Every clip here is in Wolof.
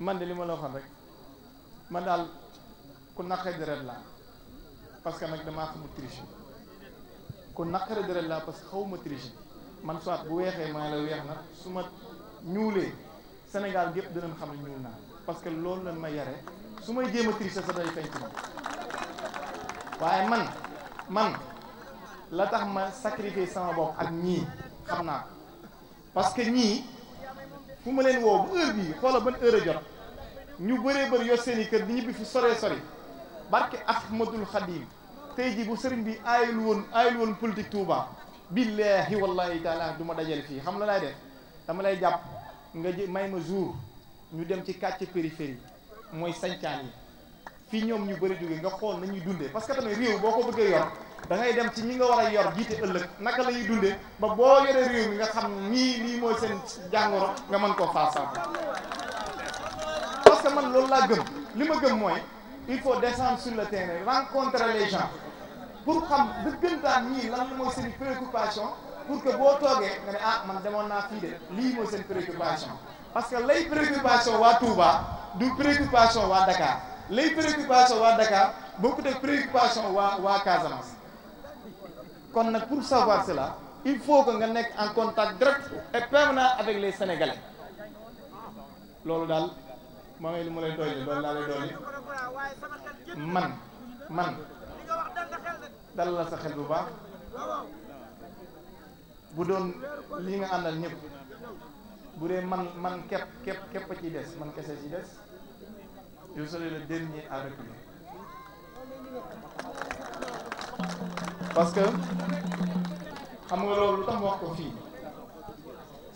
man de li ma la waxoon rek man daal ku naqari deret laa parce que nag damaa xamul triche ku naqari deret laa parce que xawma triche man soit bu weexee maa la weex na su ma ñuulee Sénégal gépp dinañ xam ne ñuul naa parce que loolu la ma yare su may jéem a triche sa day feeñ ci man waaye man man la tax ma sacrifier sama bopp ak ñii xam naa ko parce que ñii fu ma leen woo bu heure bii xoola ban heure a jot ñu bëree bëri yor seen i kër di ñibbi fu soree sori barke Ahmadul Xadim tey jii bu sëriñ bi aayul woon aayul woon politique Touba billahi wallahi taala du ma dajale fii xam la laay def dama lay jàpp nga jë may ma jour ñu dem ci quartier périphérie mooy sancaan yi fii ñoom ñu bari jóge nga xool nañuy dundee parce que tamit réew boo ko bëggee yor da ngay dem ci ñi nga war a yor jiite ëllëg naka la ñuy dundee ba boo yoree réew mi nga xam nii lii mooy seen jàngoro nga mën koo faasaaku parce que man loolu la gëm li ma gëm mooy il faut descendre sur le la rencontrer les gens pour xam dëggantaan ñii lan mooy seen préoccupation pour que boo toogee nga ne ah man demoon naa fii de lii mooy seen préoccupation parce que lay préoccupation waa Touba du préoccupation waa Dakar lay préoccupation waa Dakar bokkut ak waa waa Casamance kon nag pour savoir cela il faut que nga nekk en contact direct et permanent avec les Sénégalais loolu daal moo ngi lu mu lay dolli loolu laa lay dolli man man dal la sa xel bu baax bu doon lii nga àndal ñëpp bu dee man man képp képp képp ci des man kese ci des je serai le dernier à reculer parce que xam nga loolu lu tax ma wax ko fii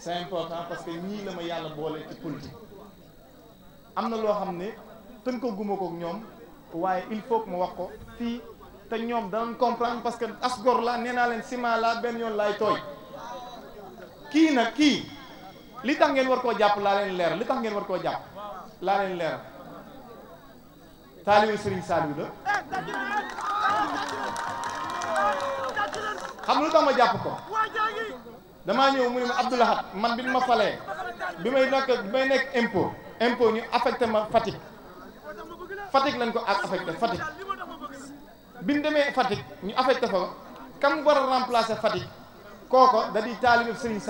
c'est important parce que ñii la ma yàlla boole ci politique am na loo xam ne tënkaguma ko kook ñoom waaye il faut que ma wax ko fii te ñoom danañ comprendre parce que as gor laa nee naa leen ciment la benn yoon laay tooy kii nag kii li tax ngeen war koo jàpp laa leen leer li tax ngeen war koo jàpp laa leen leer taalibe Serigne Saliou la xam lu tax ma jàpp ko damaa ñëw mu ma Abdoulahat man bi ma falee bi may nekk bi may nekk impôt impôt ñu affecté ma Fatick Fatick lañ ko ak affecté Fatick bi ñu demee Fatick ñu affecté fa kam war a remplacer Fatick kooko da di taalibe Serigne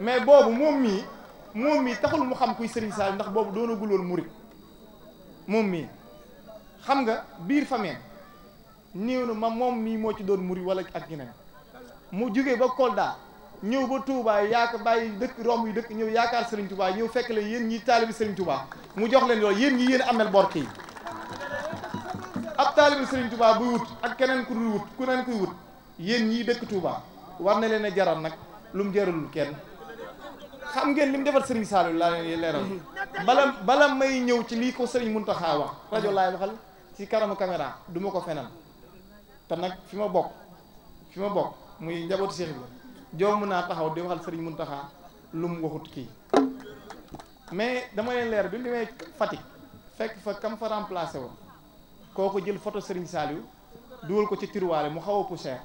mais boobu moom mii moom mii taxul mu xam kuy Serigne Saliou ndax boobu doonagul woon murit moom mii xam nga biir famille néew na ma moom mii moo ci doon murit wala ak ñeneen mu jugee ba Kolda. ñëw ba Touba yaaka bàyyi dëkk romb yi dëkk ñëw yaakaar Serigne Touba ñëw fekk leen yéen ñi taalibi Serigne Touba mu jox leen loolu yéen ñi yéen amel bor kii ab taalibi sëriñ Touba buy wut ak keneen ku dul wut ku neen kuy wut yéen ñii dëkk Touba war na leen a jaral nag lu mu jaralul kenn xam ngeen li mu defal Serigne Saliou laa leen leeral bala bala may ñëw ci lii ko Serigne Mountakha wax rajo laay waxal ci karamu kamera duma ko fenal te nag fi ma bokk fi ma bokk muy njabootu Cheikh Ibrahima jom naa taxaw di waxal sëriñ Muntaxa lu mu waxut kii mais dama leen leer bi mu demee Fatick fekk fa kam fa remplacé woon kooku jël photo sëriñ Saliou dugal ko ci tiroir mu xaw a poussière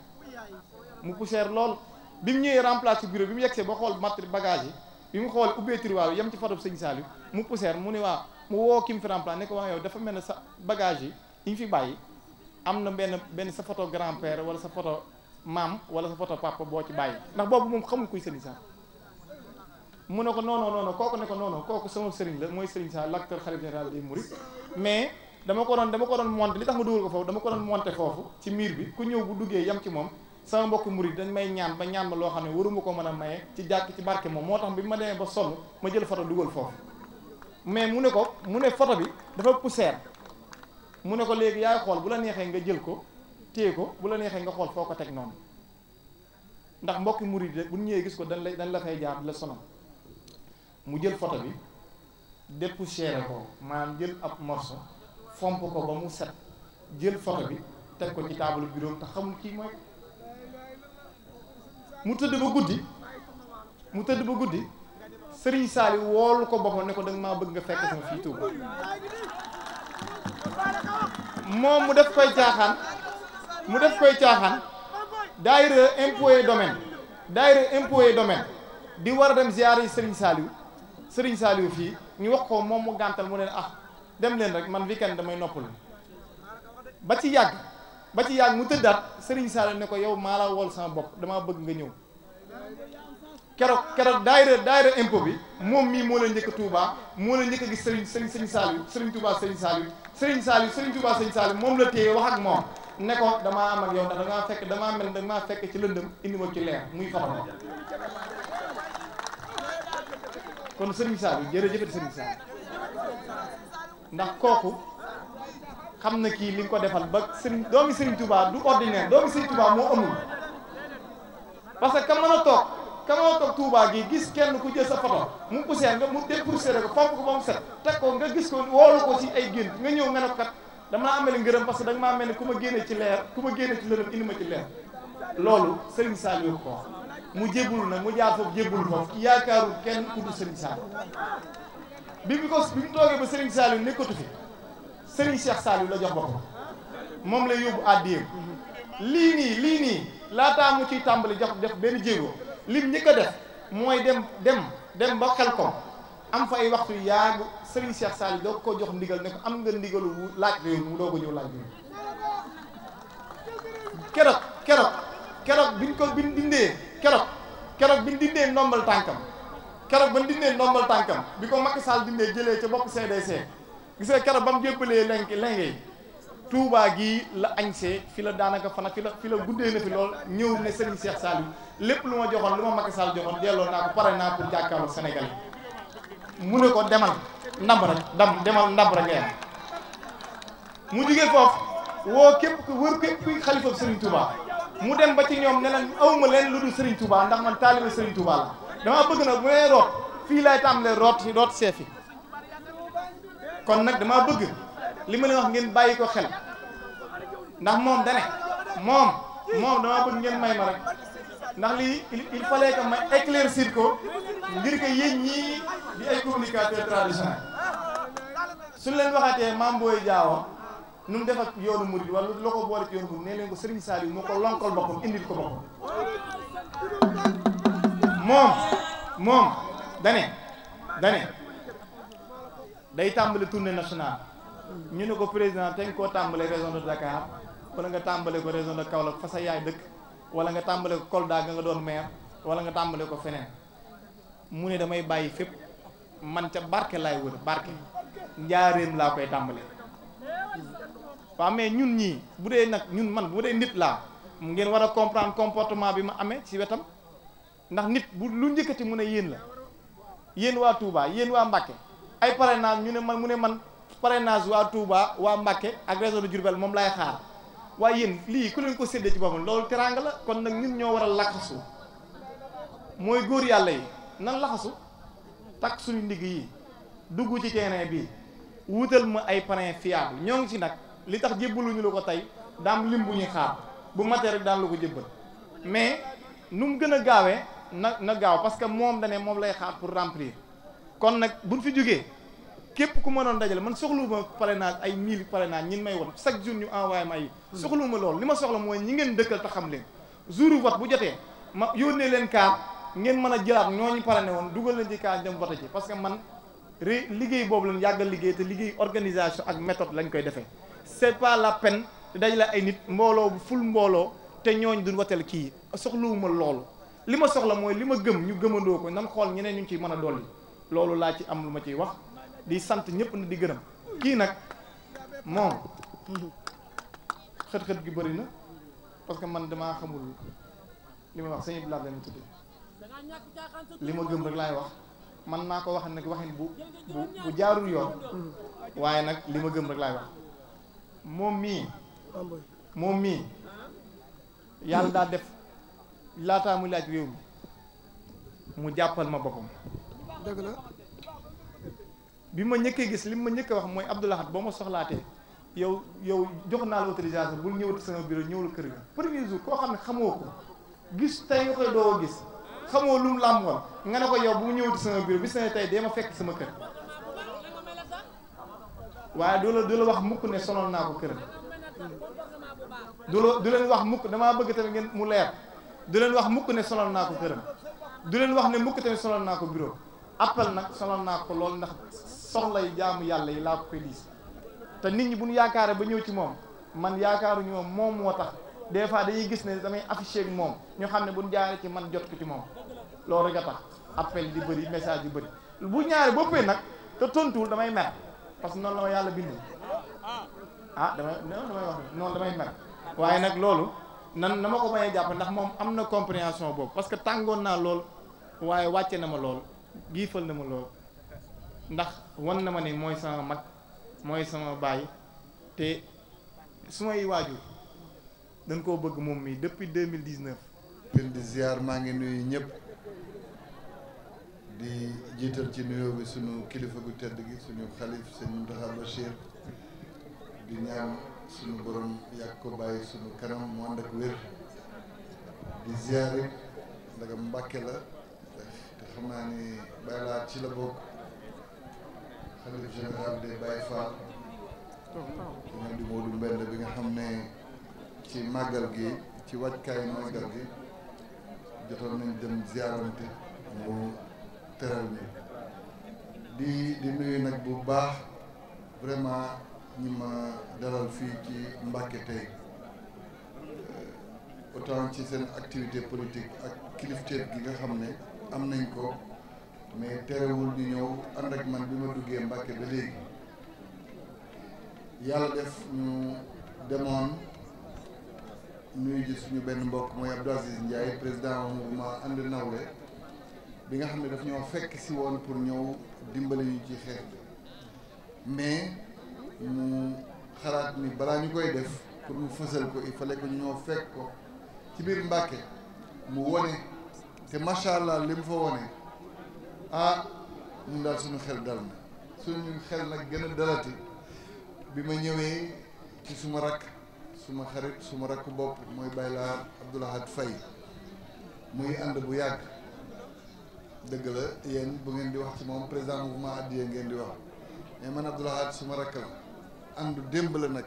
mu poussière lool bi mu ñëwee remplacé bi mu yegsee ba xool matri bagage yi bi mu xool ubbee tiroir yem ci photo sëriñ Saliou mu poussière mu ne waa mu woo kim fi remplacé ne ko wax yow dafa mel ne sa bagage yi ñu fi bàyyi am na benn benn sa photo wala sa photo maam wala sa foto papa boo ci bàyyi ndax boobu moom xamul kuy sëriñ saa mu ne ko non non non kooku ne ko non kooku sama sëriñ la mooy sëriñ saa l'acteur xalifa général des mourides mais dama ko doon dama ko doon monté li tax ma dugal ko foofu dama ko doon monté foofu ci miir bi ku ñëw bu duggee yam ci moom sama mbokk murid dañ may ñaan ba ñaan ma loo xam ne waruma ko mën a maye ci jàkk ci barke moom moo tax bi ma demee ba sonn ma jël photo dugal foofu mais mu ne ko mu ne photo bi dafa poussière mu ne ko léegi yaay xool bu la neexee nga jël ko téye ko bu la neexee nga xool foo ko teg noonu ndax mbokki murid bu ñu ñëwee gis ko dañ la dañ la fay jaar la sonal mu jël photo bi dépoussiéré ko maanaam jël ab morceau fomp ko ba mu set jël photo bi teg ko ci taabalu bureau te xamul kii mooy mu tëdd ba guddi mu tëdd ba guddi sëriñ saali woolu ko boppam ne ko da nga maa bëgg nga fekk sama fii Tuuba moom mu def koy caaxaan mu def koy caaxaan daayira impôts domaine daayira impôts domaine di war a dem ziyaar yi Serigne Saliou Serigne Saliou fii ñu wax ko moom mu gàntal mu ne ah dem leen rek man weekend damay noppalu ba ci yàgg ba ci yàgg mu tëddaat Serigne Saliou ne ko yow maa la wol sama bopp damaa bëgg nga ñëw keroog keroog daayira daayira impôt bi moom mii moo la njëkk a Touba moo la njëkk a gis Serigne Serigne Saliou Serigne Touba Serigne Saliou Serigne Saliou Serigne Touba Serigne Saliou moom la téye wax ak moom. ne ko damaa am ak yow ndax dangaa fekk damaa mel damaa fekk ci lëndëm indi ma ci leer muy fatama kon sëriñ Saliou jërëjëfati sëriñ Saliou ndax kooku xam na kii li nga ko defal ba sëriñ doomi sëriñ Touba du ordinaire doomi sëriñ Touba moo amul parce que ka mën a toog ka mën a toog Touba gi gis kenn ku jël sa photo mu poussière nga mu dépoussière ko fomp ko ba mu set teg ko nga gis ko woolu ko si ay gént nga ñëw nga ne kat damaa amale ngërëm parce que da nga maa mel ne ku ma génne ci leer ku ma génne ci lërëm indi ma ci leer loolu Serigne Sall ko mu jébul nag mu jaar foofu jébul foofu yaakaarul kenn ku dul Serigne Sall bi mu ko bi mu toogee ba Serigne Sall yu nekkatu fi Serigne Cheikh Sall la jox boppam moom la yóbbu àddiyam lii nii lii nii laataa mu ciy tàmbali jox def benn jéego lim ñi a def mooy dem dem dem ba xel ko am fa ay waxtu yaagu Serigne Cheikh Sall doo ko jox ndigal ne ko am nga ndigalu laaj réew mu doo ko ñëw laaj réew keroog keroog keroog biñ ko biñ dindee keroog keroog biñ dindee ndombal tànkam keroog bañ dindee ndombal tànkam bi ko Macky Sall dindee jëlee ca bopp CDC gis nga keroog ba mu jéppalee lenk lengee Touba gii la añsee fi la daanaka fana fi la fi la guddee na fi lool ñëw ne Serigne Cheikh Sall lépp lu ma joxoon lu ma Macky Sall joxoon delloo naa pare naa pour jàkkaarloo Sénégal mu ne ko demal ndàmb rek dam demal ndàmb rek nga yem mu jugee foofu woo képp ku wër képp kuy xalifa Serigne Touba mu dem ba ci ñoom ne leen awma leen lu dul Serigne Touba ndax man taalibe Serigne Touba la dama bëgg nag bu may root fii laay tàmbalee root root seefi kon nag damaa bëgg li ma leen wax ngeen bàyyi ko xel ndax moom dane moom moom dama bëgg ngeen may ma rek ndax li il fallait que ma éclaircir ko ngir que yéen ñii di ay communicateur traditionnel suñ leen waxatee Mame Boye Diao nu mu def ak yoonu murid wala loo ko boole ci yoonu murid nee leen ko Serigne Saliou moo ko lonkal boppam indil ko boppam moom moom dane dane day tàmbali tournée nationale ñu ne ko président te nga koo tàmbale région de Dakar wala nga tàmbale ko région de Kaolack fa sa yaay dëkk wala nga tàmbale ko Kolda ga nga doon maire wala nga tàmbale ko feneen mu ne damay bàyyi fépp man ca barke laay wër barke njaareem laa koy tàmbale waa mais ñun ñii bu dee nag ñun man bu dee nit laa ngeen war a comprendre comportement bi ma amee ci wetam ndax nit bu lu njëkkati mu ne yéen la yéen waa Touba yéen waa Mbacké ay parrainage ñu ne man mu ne man pare parrainage waa Touba waa Mbacké ak réseau de moom laay xaar waaye yéen lii ku leen ko séddee ci boppam loolu teraanga la kon nag nit ñoo war a laxasu mooy góor yàlla yi nan laxasu takk suñu ndigg yi dugg ci terrain bi wuutal ma ay parrain fiable ñoo ngi ci nag li tax jébbaluñu la ko tey daam lim bu ñuy xaar bu matee rek daan la ko jébbal mais nu mu gën a gaawee na na gaaw parce que moom dane moom lay xaar pour remplir kon nag buñ fi jógee képp ku mënoon dajale man soxluwuma naa ay mille naa ñin may won chaque jour ñu envoyé ma yi soxluwuma loolu li ma soxla mooy ñi ngeen dëkkal te xam leen jour vote bu jotee ma yónnee leen kaar ngeen mën a jëlaat ñooñu parrainé woon dugal leen ci dem vote ci parce que man liggéey boobu lañ yàggal liggéey te liggéey organisation ak méthode lañ koy defee c'est pas la peine te dajale ay nit mbooloo bu ful mbooloo te ñooñ duñ wateel kii soxluwuma loolu li ma soxla mooy li ma gëm ñu gëmandoo ko nan xool ñeneen ñu ciy mën a dolli loolu laa ci am lu ma ciy wax di sant ñëpp na di gërëm kii nag moom xët-xët gi bëri na parce que man damaa xamul li may wax sëñ Ibrahima la ma tudd li ma gëm rek laay wax man naa ko wax nag waxin bu bu jaarul yoon waaye nag li ma gëm rek laay wax moom mii moom mii yàlla daa def laataa muy laaj réew mi mu jàppal ma boppam la bi ma njëkkee gis li ma njëkk a wax mooy Abdou Lahad boo ma soxlaatee yow yow jox naa la autorisation bul ñëw sama bureau ñëwul kër ga premier koo xam ne xamoo ko gis tey nga koy doo gis xamoo lu mu làmboon nga ne ko yow bu mu ñëwati sama bureau bis na tey dee ma fekk sama kër waaye du la du la wax mukk ne solol naa ko kër du la du leen wax mukk damaa bëgg tamit ngeen mu leer du leen wax mukk ne sonal naa ko këram du leen wax ne mukk tamit sonal naa ko bureau appel nag sonal naa ko loolu ndax soxlay jaamu yàlla yi laa ko te nit ñi bu ñu yaakaaree ba ñëw ci moom man yaakaaruñu moom moom moo tax des fois dañuy gis ne damay affiché ak moom ñu xam ne bu ñu jaaree ci man jot ko ci moom loolu rek a tax appel di message di bëri bu ñaaree boppee nag te tontuwul damay mer parce que noonu la ma yàlla bindee ah damay non damay wax noonu damay mer waaye nag loolu nan na ma ko bañee jàpp ndax moom am na compréhension boobu parce que tàngoon naa lool waaye wàcce na ma lool giifal na ma lool. ndax wan na ma ne mooy sama mag mooy sama baay te su may waajur dañ koo bëgg moom mii dëppi deux mille dix neuf. di ziar maa ngi nuyu ñëpp di jiital ci nuyoo bi sunu kilifa gu tedd gi suñu xalif sëñ Mountakha Bachir di ñaan sunu borom yàgg ko bàyyi sunu kanam mu ànd wér di ziar it ndaga Mbàkke la te xam naa ni baylaat ci la bokk. xalif général de Baye Fall ñoom di Modou Mbend bi nga xam ne ci màggal gi ci wàjkaayu màggal gi jotoon nañ dem ziarante mu teral ni di di nuyu nag bu baax vraiment ñi ma dalal fii ci Mbàkke tey ci seen activité politique ak kilifteet gi nga xam ne am nañ ko mais terewul ñu ñëw ànd ak man bi ma duggee Mbàkke ba léegi yàlla def ñu demoon ñuy gis suñu benn mbokk mooy Abdou Aziz Ndiaye président mouvement ànd nawle bi nga xam ne daf ñoo fekk si woon pour ñëw dimbali ñu ci xeex bi mais mu xalaat ni balaa ñu koy def pour mu fësal ko il fallait que ñu ñoo fekk ko ci biir Mbàkke mu wone te macha allah li mu fa wone ah ñun daal suñu xel dal na suñu xel nag gën a dalati bi ma ñëwee ci suma rakk suma xarit suma rakk bopp mooy Baye Lahad Abdou Lahad muy ànd bu yàgg dëgg la yéen bu ngeen di wax ci moom président mouvement Adiya ngeen di wax mais man Abdou Lahad suma rakk la àndu démb la nag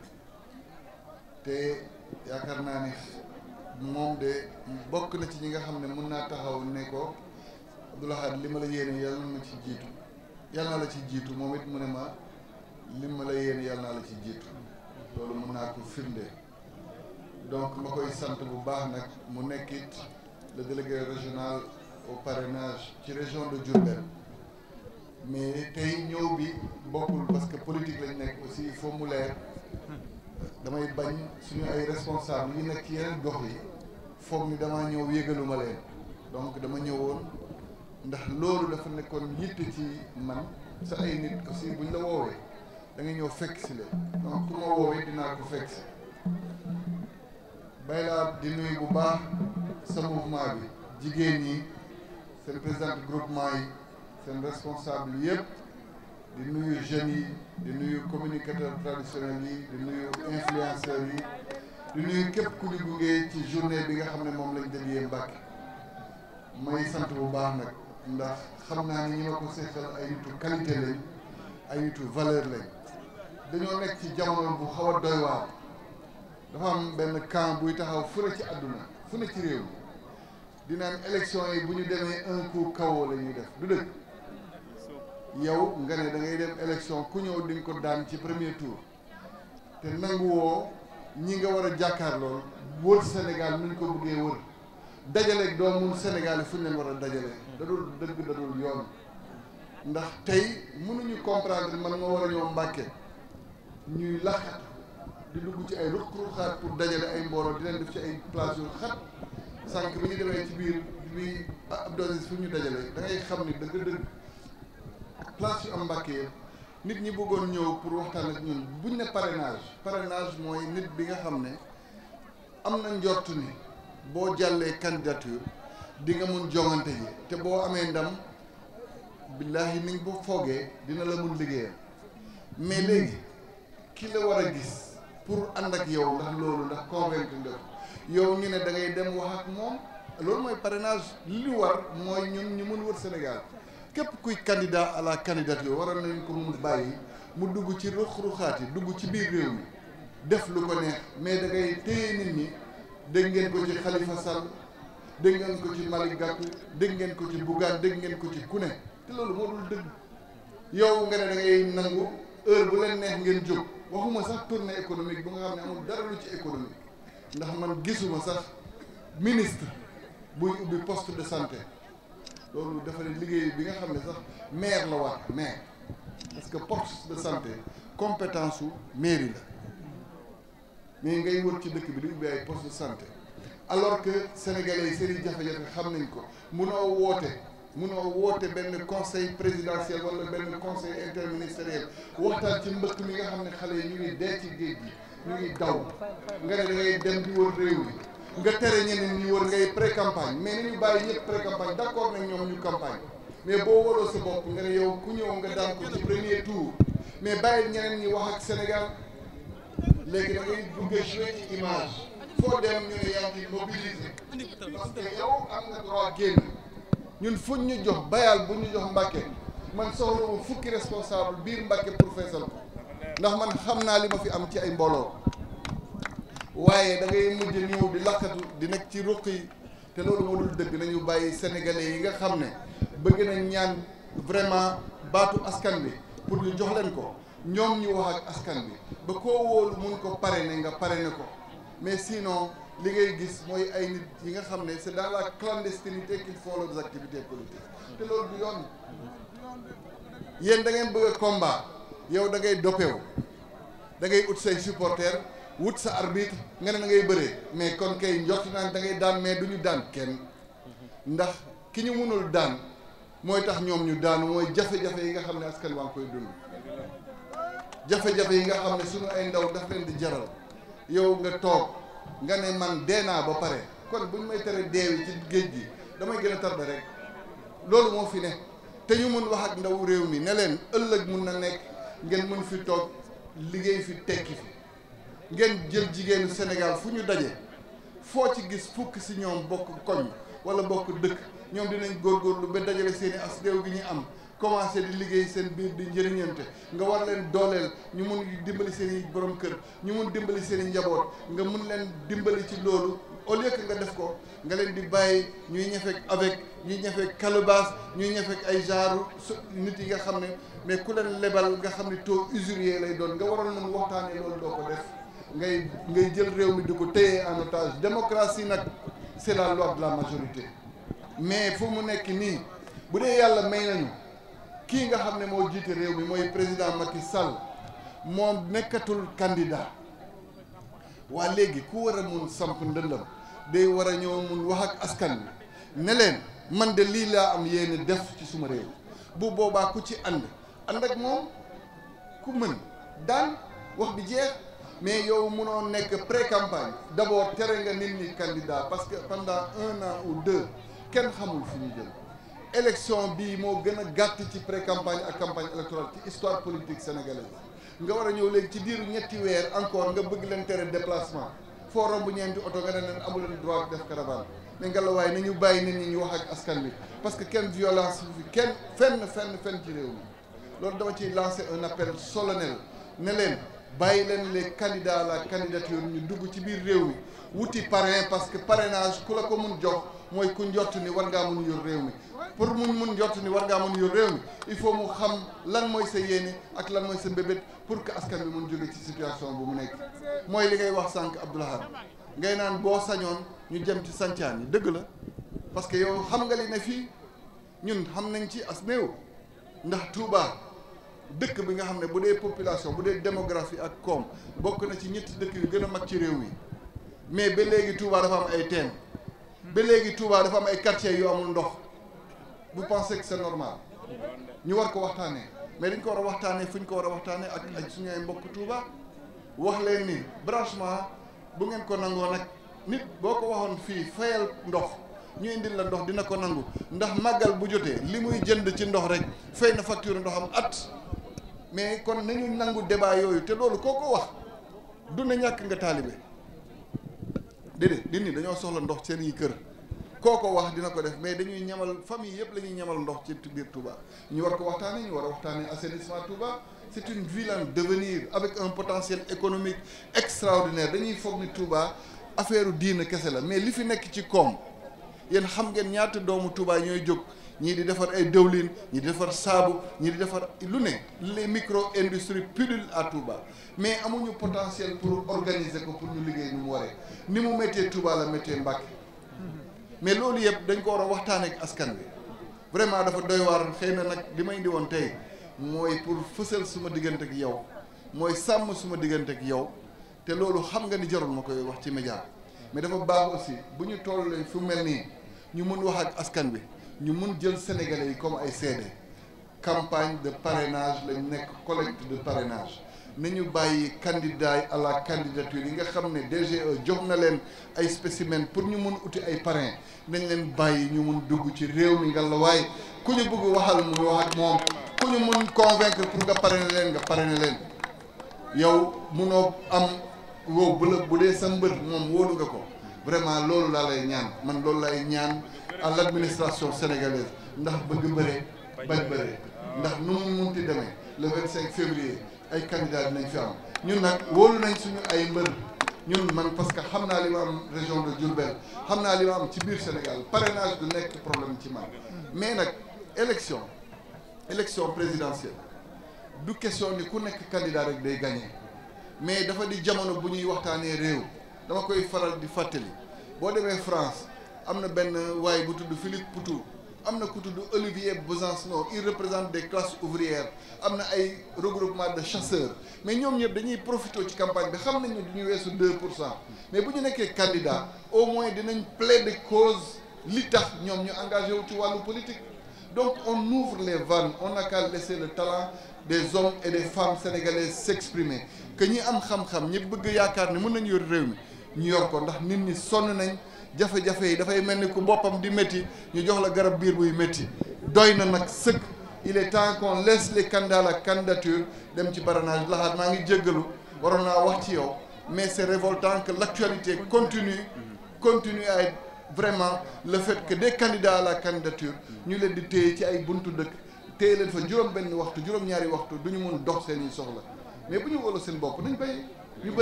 te yaakaar naa ni moom de bokk na ci ñi nga xam ne mën naa taxaw ne ko Abdoul Ahad li ma la yéene yàlla na ma ci jiitu yàlla naa la ci jiitu moom it mu ne ma li ma la yéene yàlla naa la ci jiitu loolu mun naa ko firnde donc ma koy sant bu baax nag mu nekkit le délégué régional au parrainage ci région de Diourbel mais tey ñëw bi bokkul parce que politique lañ nekk aussi il mu leer damay bañ suñu ay responsable yi nekk ci yeneen gox yi foog ni damaa ñëw yégaluma leen donc dama ñëwoon ndax loolu dafa nekkoon yitte ci man sa ay nit aussi buñ la woowee da nga ñëw fekk si leen donc ku ma woowee dinaa ko fekk si baylaat di nuyu bu baax sa mouvement bi jigéen ñi seen président groupement yi seen responsable yëpp di nuyu jeunes yi di nuyu communicateurs traditionnels yi di nuyu influenceurs yi di nuyu képp ku ñu gunge ci journée bi nga xam ne moom lañ dédié Mbàkke may sant bu baax nag ndax xam naa ni ñi ma ko seetal ay nitu qualité lañ ay nitu valeur lañ dañoo nekk ci jamono bu xaw a doy waar dafa am benn camp buy taxaw fu ne ci àdduna fu ne ci réew mi dinaan élection yi bu ñu demee un coup kawoo la ñuy def du dëgg yow nga ne da ngay dem élection ku ñëw di ko daan ci premier tour te nanguwoo ñi nga war a jàkkaarloo wër Sénégal nuñ ko bëggee wër dajaleeg doomu Sénégal fu ñu leen war a dajale da dul dëgg da dul yoon ndax tey mënuñu comprendre man ma war a ñoo Mbàkke ñuy laxat di dugg ci ay ruq-ruqaat pour dajale ay mbooloo di leen def ci ay place yu xat sànq bi ñu demee ci biir bi Abdou Aziz fu ñu dajale da ngay xam ni dëgg-dëgg place yu am Mbàkke nit ñi bëggoon ñëw pour waxtaan ak ñun buñ ne parrainage parrainage mooy nit bi nga xam ne am na njort ni boo jàllee candidature di nga mun jongante ji te boo amee ndam billahi ni nga ko foogee dina la mun liggéeyal mais mm. léegi ki la war a gis pour ànd ak yow ndax loolu ndax convaincre nga yow ñu ne da ngay dem wax ak moom loolu mooy parrainage li war mooy ñun ñu mën wër Sénégal képp kuy candidat à la candidature waroon nañ ko mun bàyyi mu dugg ci ruq-ruqaat yi dugg ci biir réew mi def lu ko neex mais da ngay téye nit ñi dégg ngeen ko ci Khalifa Sall. dégg ngeen ko ci Malick Gakou dégg ngeen ko ci Bougane dégg ngeen ko ci ku ne te loolu moo dul dëgg yow nga ne da ngay nangu heure bu leen neex ngeen jóg waxuma sax tournée économique bu nga xam ne amul dara lu ci économique ndax man gisuma sax ministre buy ubbi poste de santé loolu dafa ne liggéey bi nga xam ne sax maire la wax maire parce que poste de santé compétence su maire la mais ngay wër ci dëkk bi di ubbi ay poste de santé alors que sénégalais yi seen xam nañ ko munoo woote munoo woote benn conseil présidentiel wala benn conseil interministériel waxtaan ci mbëkk mi nga xam ne xale yi ñu ngi dee ci géej gi ñu ngi daw nga ne da ngay dem di wër réew mi nga tere ñeneen ñi wër ngay pré campagne mais ni ñu bàyyi ñëpp pré campagne d' accord nag ñoom ñu campagne mais boo waroo sa bopp nga ne yow ku ñëw nga daan ko ci premier tour mais bàyyi ñeneen ñi wax ak Sénégal léegi foo dem ñu ne yaa ngi mobilisé na que yow am génn ñun fuñ ñu jox bayal bu ñu jox Mbàkke man soxla wu fukki responsable biir Mbàkke pour feesal ko ndax man xam naa li ma fi am ci ay mbooloo waaye da ngay mujj ñëw di lakkatu di nekk ci ruq yi te loolu warul dëgg nañu bàyyi sénégalais yi nga xam ne bëgg nañ ñaan vraiment baatu askan bi pour ñu jox leen ko ñoom ñu wax ak askan bi ba koo wóolu mun ko parrainé nga pare ne ko mais sinon li ngay gis mooy ay nit yi nga xam ne c' est dans la clandestinité qu'ils font leurs activités politiques te loolu du yoon yéen da ngeen bëgg a yow da ngay dopewu da ngay ut say supporter wut sa arbitre nga ne da ngay bëree mais kon kay njort naa da ngay daan mais du ñu daan kenn ndax ki ñu mënul daan mooy tax ñoom ñu daan mooy jafe-jafe yi nga xam ne askan waa ngi koy dund jafe-jafe yi nga xam ne suñu ay ndaw daf leen di jaral yow nga toog nga ne man dee naa ba pare kon bu ñu may tere deewi ci géej gi damay gën a tarde rek loolu moo fi ne te ñu mun wax ak ndaw réew mi ne leen ëllëg mun na nekk ngeen mën fi toog liggéey fi tekki fi ngeen jël jigéenu Sénégal fu ñu daje foo ci gis fukk si ñoom bokk koñ wala bokk dëkk ñoom dinañ góor góorgóorlu ba dajale seeni as réew gi ñu am commencé di liggéey seen biir di njëriñante nga war leen dooleel ñu mun dimbali seen i borom kër ñu mun dimbali seen i njaboot nga mun leen dimbali ci loolu au lieu que nga def ko nga leen di bàyyi ñuy ñafeek avec ñuy ñafeek calebasse ñuy ñafeek ay genre nit yi nga xam ne mais ku leen lebal nga xam ne taux usurier lay doon nga waroon nañ waxtaanee loolu doo ko def ngay ngay jël réew mi di ko téye en otage démocratie nag c'est la loi de la majorité mais mu nekk nii bu dee yàlla may nañu. kii nga xam ne moo jiite réew mi mooy président Macky Sall moom nekkatul candidat waa léegi ku war a mun samp ndëndam day war a ñoo mun wax ak askan bi ne man de lii laa am yéene def ci suma réew bu boobaa ku ci ànd ànd ak moom ku mën daan wax bi jeex mais yow munoo nekk pre campagne d' abord tere nga nit ñi candidat parce que pendant un an ou deux kenn xamul fi ñu jël élection bii moo gën a gàtt ci pré campagne ak campagne électorale ci histoire politique sénégalaise nga war a ñëw léegi ci diiru ñetti weer encore nga bëgg leen tere déplacement foo romb ñeenti oto nga ne leen amu droit def caravane mais ngelawaay ñu bàyyi nit ñi ñu wax ak askan bi parce que kenn violence fi kenn fenn fenn fenn ci réew mi loolu dama ciy lancer un appel solennel ne leen. bàyyi leen les candidats la candidature ñu dugg ci biir réew mi wuti parrain parce que parrainage ku la ko mun jox mooy ku njott ni war ngaa mun yor réew mi pour mu mun njott war ngaa mun yor réew il faut mu xam lan mooy sa yéene ak lan mooy sa mbébét pour que askan bi mun jóge ci situation bu mu nekk mooy li ngay wax sànq Abdoulahad ngay naan boo sañoon ñu jëm ci sancaan yi dëgg la parce que yow xam nga li ne fii ñun xam nañ ci as néew ndax Touba. dëkk bi nga xam ne bu dee population bu dee démographie ak koom bokk na ci ñetti dëkk yu gën a mag ci réew mi mais ba léegi Touba dafa am ay teen ba léegi Touba dafa am ay quartiers yu amul ndox bu pensez que c'est normal ñu war ko waxtaanee mais dañ ko war a waxtaanee fu ñu ko war a waxtaanee ak ak suñu ay mbokk Touba wax leen ni branchement bu ngeen ko nangoo nag nit boo ko waxoon fii fayal ndox ñu indil la ndox dina ko nangu ndax màggal bu jotee li muy jënd ci ndox rek fay na facture ndoxam at. mais kon nañu nangu débat yooyu te loolu koo ko wax du na ñàkk nga taalibe déedéet nit ñi dañoo soxla ndox seen yi kër koo ko wax dina ko def mais dañuy ñamal famille yëpp la ñuy ñamal ndox ci biir Touba ñu war ko waxtaanee ñu war a waxtaanee assainissement Touba c'est une ville en devenir avec un potentiel économique extraordinaire dañuy foog ni Touba affaire diina kese la mais li fi nekk ci koom yéen xam ngeen ñaata doomu Touba ñooy jóg. ñii di defar ay dëwlin ñii di defar saabu ñii di defar lu ne les micro industries pullulent à Touba mais amuñu potentiel pour organiser ko pour ñu liggéey ni mu waree ni mu méttee Touba la méttee Mbàkke mais loolu yëpp dañ ko war a waxtaanee ak askan wi vraiment dafa doy waar xëy na nag li may indi woon tey mooy pour fësal suma diggante ak yow mooy sàmm suma diggante ak yow te loolu xam nga ni jarul ma koy wax ci média mais dafa baax aussi bu ñu tollee fu mel nii ñu mën wax ak askan bi ñu mun jël sénégalais yi comme ay seede campagne de parrainage lañ nekk collecte de parrainage nañu bàyyi candidat yi à la candidature yi nga xam ne DGE jox na leen ay spécimen pour ñu mun uti ay parrain nañ leen bàyyi ñu mun dugg ci réew mi nga la waaye ku ñu bëgg waxal mu wax ak moom ku ñu mun convaincre pour nga parrainer leen nga parrainer leen yow munoo am woo bu la bu dee sa mbër moom wóolu nga ko vraiment loolu laa lay ñaan man loolu lay ñaan à l' administration sénégalaise ndax bëgg bëre bañ bëre ndax nu mu munti demee le 25 février ay candidats dinañ fi am ñun nag wóolu nañ suñu ay mbër ñun man parce que xam naa li ma am région de Diourbel xam naa li ma am ci biir Sénégal parrainage du nekk problème ci man mais nag élection élection présidentielle du question ni ku nekk candidat rek day gagné mais dafa di jamono bu ñuy waxtaanee réew dama koy faral di fàttali boo demee France. am na benn waaye bu tudd Philippe Poutou am na ku tudd Olivier Besancenot il représente des classes ouvrières am na ay regroupement de chasseurs mais ñoom ñëpp dañuy profité ci campagne bi xam nañu du ñu weesu deux pour cent mais bu ñu nekkee candidat au moins dinañ de cause li tax ñoom ñu engagé wu ci wàllu politique donc on ouvre les vannes on n'a qu'à le talent des hommes et des femmes sénégalaises s'exprimer que ñi am xam-xam ñi bëgg yaakaar ne mën nañu yor réew mi ñu yor ndax nit ñi sonn nañ jafe-jafe yi dafay mel ni ku boppam di métti ñu jox la garab biir buy métti doy na nag sëkk il est temps qu'on laisse les candidats la candidature dem ci parrainage laxaat maa ngi jéggalu waroon naa wax ci yow mais c'est révoltant que l'actualité continue continue à être vraiment le fait que de candidats à la candidature ñu leen di téye ci ay buntu dëkk téye leen fa juróom benn waxtu juróom-ñaari waxtu du ñu mun dox seen i soxla mais bu ñu wóolu seen bopp nañ bay ñu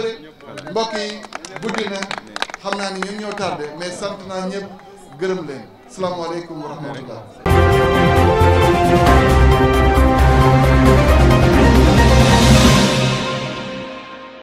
xam naa ni ñun ñoo tardé mais sant naa ñëpp gërëm leen salaamaaleykum wa rahmatullah